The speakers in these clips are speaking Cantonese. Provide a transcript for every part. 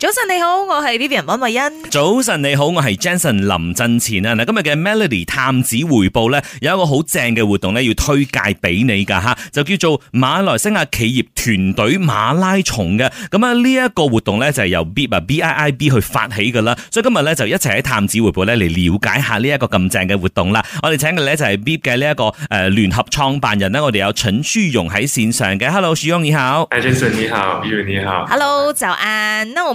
早晨你好，我係 Vivian 溫慧欣。早晨你好，我係 Jason 林振前啊！嗱，今日嘅 Melody 探子回報咧，有一個好正嘅活動咧，要推介俾你噶吓，就叫做馬來西亞企業團隊馬拉松嘅。咁啊，呢一個活動咧就係由 Biib 啊 B I I B 去發起噶啦，所以今日咧就一齊喺探子回報咧嚟了解下呢一個咁正嘅活動啦。我哋請嘅咧就係 Biib 嘅呢一個誒聯合創辦人咧，我哋有陳旭榮喺線上嘅。Hello，旭榮你好。誒，Jason 你好，Vivian 你好。Hello，早安。我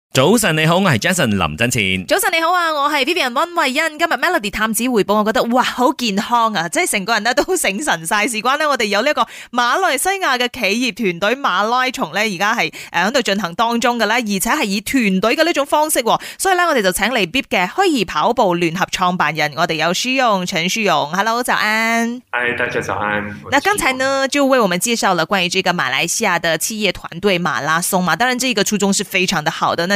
早晨你好，我係 Jason 林振前。早晨你好啊，我係 Vivian 溫慧欣。今日 Melody 探子回報，我覺得哇好健康啊，即係成個人咧都醒神晒。事關呢，我哋有呢一個馬來西亞嘅企業團隊馬拉松咧，而家係誒喺度進行當中㗎啦。而且係以團隊嘅呢種方式，所以咧我哋就請嚟 Biib 嘅虛擬跑步聯合創辦人，我哋有舒蓉、陳舒蓉，Hello 早安，係大家早安。嗱，剛才呢就為我們介紹了關於這個馬來西亞嘅企業團隊馬拉松嘛，當然呢個初衷是非常的好的，呢。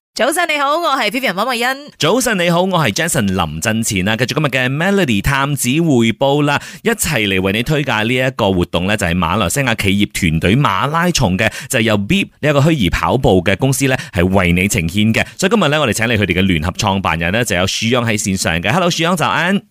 早晨你好，我係 Vivian 馬慧欣。早晨你好，我係 Jason 林振前啊！繼續今日嘅 Melody 探子匯報啦，一齊嚟，為你推介呢一個活動咧，就係馬來西亞企業團隊馬拉松嘅，就係、由 Biib 呢一個虛擬跑步嘅公司咧，係為你呈現嘅。所以今日咧，我哋請你佢哋嘅聯合創辦人咧，就有樹秧喺線上嘅，Hello 樹秧就安。